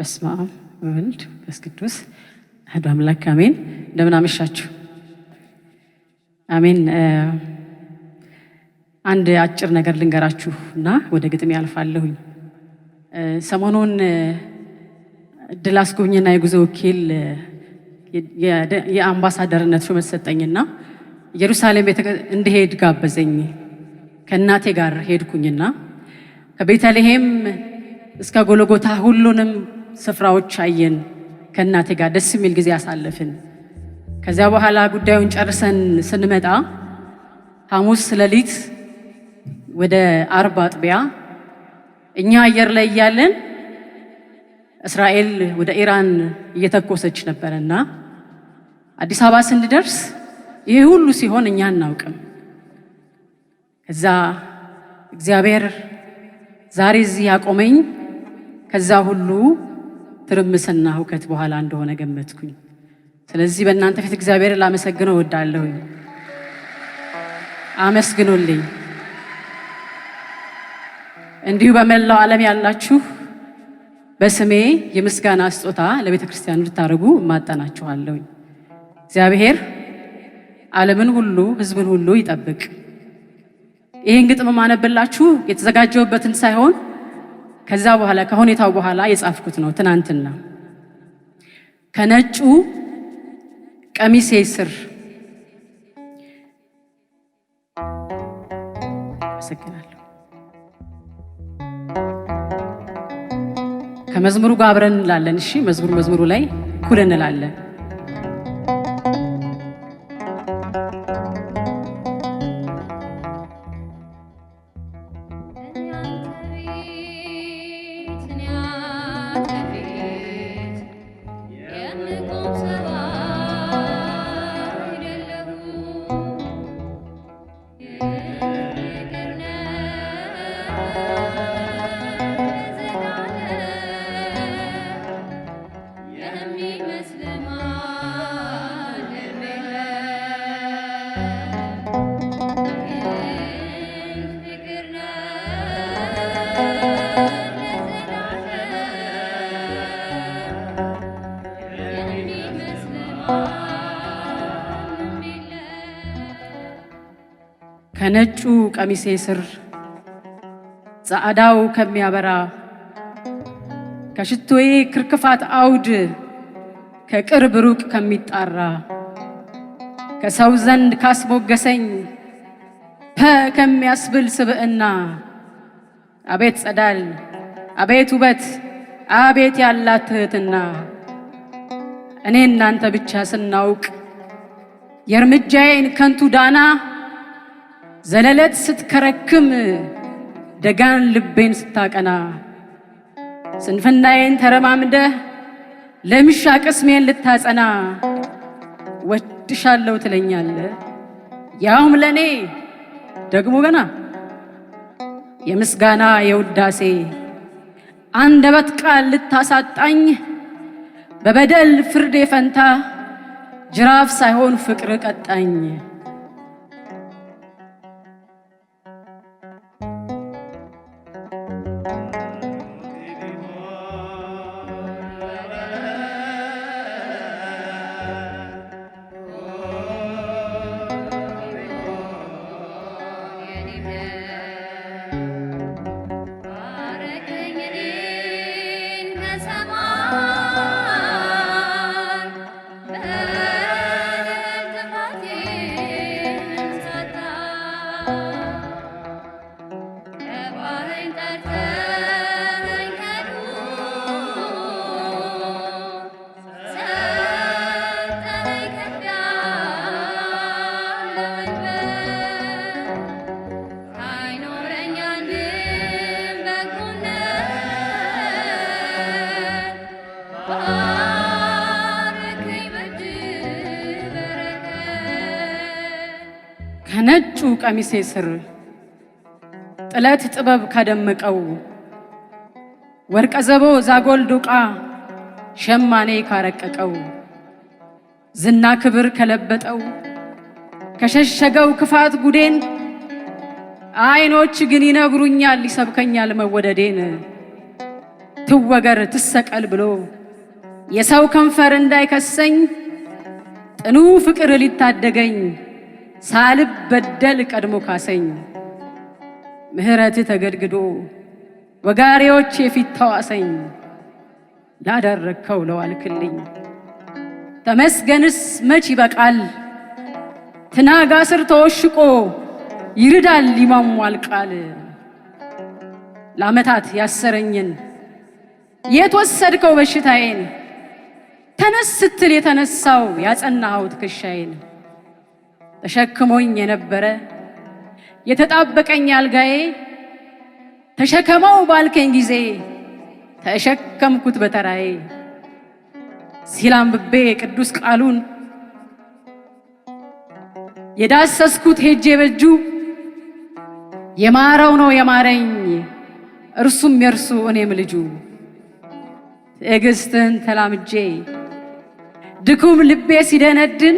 በስመ አብ ወወልድ ወመንፈስ ቅዱስ አሐዱ አምላክ አሜን። እንደምን አመሻችሁ። አሜን። አንድ አጭር ነገር ልንገራችሁ እና ወደ ግጥም ያልፋለሁኝ። ሰሞኑን ድል አስጎብኝና የጉዞ ወኪል የአምባሳደርነት ሹመት ሰጠኝና ኢየሩሳሌም እንድሄድ ጋበዘኝ። ከእናቴ ጋር ሄድኩኝና ከቤተልሔም እስከ ጎልጎታ ሁሉንም ስፍራዎች አየን። ከእናቴ ጋር ደስ የሚል ጊዜ አሳለፍን። ከዚያ በኋላ ጉዳዩን ጨርሰን ስንመጣ ሐሙስ ሌሊት ወደ አርብ አጥቢያ እኛ አየር ላይ እያለን እስራኤል ወደ ኢራን እየተኮሰች ነበረና አዲስ አበባ ስንደርስ ይሄ ሁሉ ሲሆን እኛ አናውቅም። ከዛ እግዚአብሔር ዛሬ እዚህ ያቆመኝ ከዛ ሁሉ ትርምስና ሁከት በኋላ እንደሆነ ገመትኩኝ። ስለዚህ በእናንተ ፊት እግዚአብሔር ላመሰግነው እወዳለሁኝ። አመስግኑልኝ። እንዲሁ በመላው ዓለም ያላችሁ በስሜ የምስጋና ስጦታ ለቤተ ክርስቲያን እንድታደርጉ እማጠናችኋለሁኝ። እግዚአብሔር ዓለምን ሁሉ ሕዝብን ሁሉ ይጠብቅ። ይህን ግጥም ማነብላችሁ የተዘጋጀውበትን ሳይሆን ከዛ በኋላ ከሁኔታው በኋላ የጻፍኩት ነው። ትናንትና ከነጩ ቀሚሴ ስር አመሰግናለሁ። ከመዝሙሩ ጋር አብረን እንላለን። እሺ መዝሙሩ መዝሙሩ ላይ እኩል እንላለን። ከነጩ ቀሚሴ ስር ጸዕዳው ከሚያበራ ከሽቶዬ ክርክፋት አውድ ከቅርብ ሩቅ ከሚጣራ ከሰው ዘንድ ካስሞገሰኝ ፐ ከሚያስብል ስብዕና አቤት ጸዳል አቤት ውበት አቤት ያላት ትህትና እኔ እናንተ ብቻ ስናውቅ የእርምጃዬን ከንቱ ዳና ዘለለት ስትከረክም ደጋን ልቤን ስታቀና ስንፍናዬን ተረማምደህ ለምሻ ቅስሜን ልታጸና ወድሻለሁ ትለኛለ ያውም ለእኔ ደግሞ ገና የምስጋና የውዳሴ አንደበት ቃል ልታሳጣኝ በበደል ፍርዴ ፈንታ ጅራፍ ሳይሆን ፍቅር ቀጣኝ። ነጩ ቀሚሴ ስር ጥለት ጥበብ ካደመቀው ወርቀ ዘቦ ዛጎል ዱቃ ሸማኔ ካረቀቀው ዝና ክብር ከለበጠው ከሸሸገው ክፋት ጉዴን አይኖች ግን ይነግሩኛል ይሰብከኛል መወደዴን ትወገር ትሰቀል ብሎ የሰው ከንፈር እንዳይከሰኝ ጥኑ ፍቅር ሊታደገኝ ሳልበደል ቀድሞ ካሰኝ ምሕረት ተገድግዶ ወጋሪዎች የፊት ተዋሰኝ ላደረግከው ለዋልክልኝ ተመስገንስ መች ይበቃል ትናጋ ስር ተወሽቆ ይርዳል ሊማሟል ቃል ለዓመታት ያሰረኝን የት ወሰድከው በሽታዬን ተነስ ስትል የተነሳው ያጸናኸው ትከሻዬን ተሸክሞኝ የነበረ የተጣበቀኝ አልጋዬ ተሸከመው ባልከኝ ጊዜ ተሸከምኩት በተራዬ ሲላምብቤ ቅዱስ ቃሉን የዳሰስኩት ሄጄ በእጁ የማረው ነው የማረኝ እርሱም የእርሱ እኔም ልጁ ትዕግስትን ተላምጄ ድኩም ልቤ ሲደነድን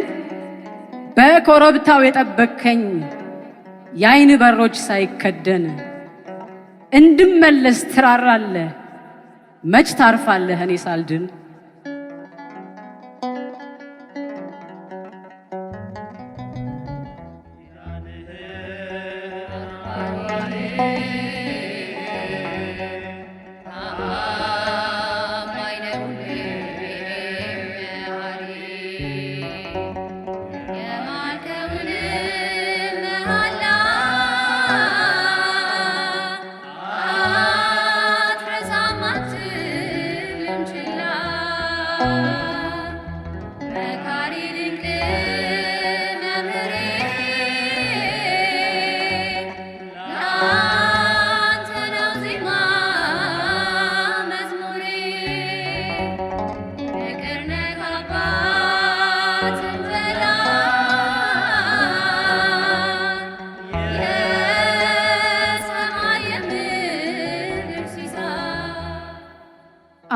በኮረብታው የጠበከኝ የአይን በሮች ሳይከደን እንድመለስ ትራራለህ፣ መች ታርፋለህ እኔ ሳልድን መካሪ ድንቅ መምህሬ ላንተ ነው ዜማ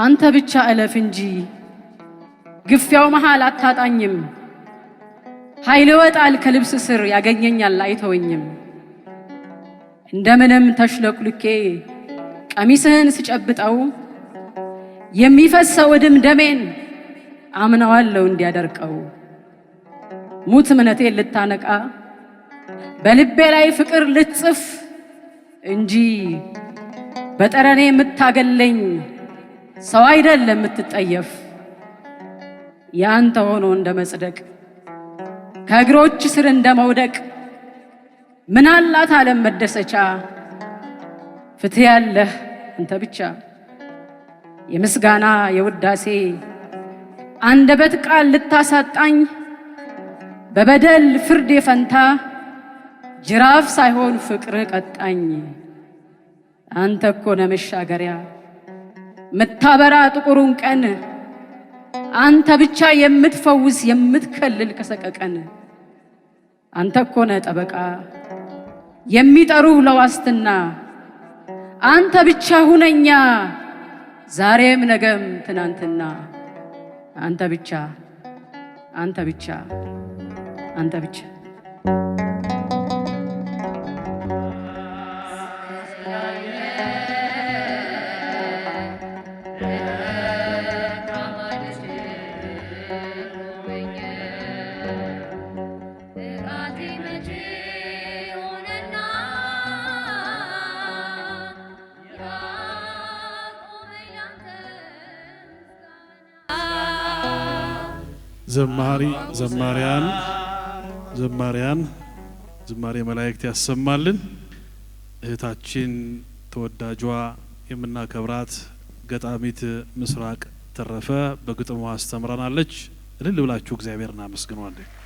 አንተ ብቻ እለፍ እንጂ ግፊያው መሃል አታጣኝም። ኃይል ይወጣል ከልብስ ስር ያገኘኛል አይተወኝም። እንደምንም ተሽለቅልኬ ቀሚስህን ስጨብጠው የሚፈሰው ድም ደሜን አምነዋለሁ እንዲያደርቀው ሙት እምነቴን ልታነቃ በልቤ ላይ ፍቅር ልትጽፍ እንጂ በጠረኔ የምታገለኝ ሰው አይደለም የምትጠየፍ ያንተ ሆኖ እንደ መጽደቅ ከእግሮች ስር እንደ መውደቅ ምን አላት ዓለም መደሰቻ ፍትሕ ያለህ አንተ ብቻ የምስጋና የውዳሴ አንደበት ቃል ልታሳጣኝ በበደል ፍርድ የፈንታ ጅራፍ ሳይሆን ፍቅር ቀጣኝ። አንተ እኮ ነመሻገሪያ መሻገሪያ ምታበራ ጥቁሩን ቀን አንተ ብቻ የምትፈውስ የምትከልል ከሰቀቀን አንተ እኮ ነህ ጠበቃ የሚጠሩ ለዋስትና አንተ ብቻ ሁነኛ ዛሬም ነገም ትናንትና አንተ ብቻ አንተ ብቻ አንተ ብቻ ዘማሪ ዘማሪያን ዘማሪያን ዝማሬ መላእክት ያሰማልን። እህታችን ተወዳጇ የምናከብራት ገጣሚት ምስራቅ ተረፈ በግጥሟ አስተምረናለች። እልል ብላችሁ እግዚአብሔርን አመስግኗለን።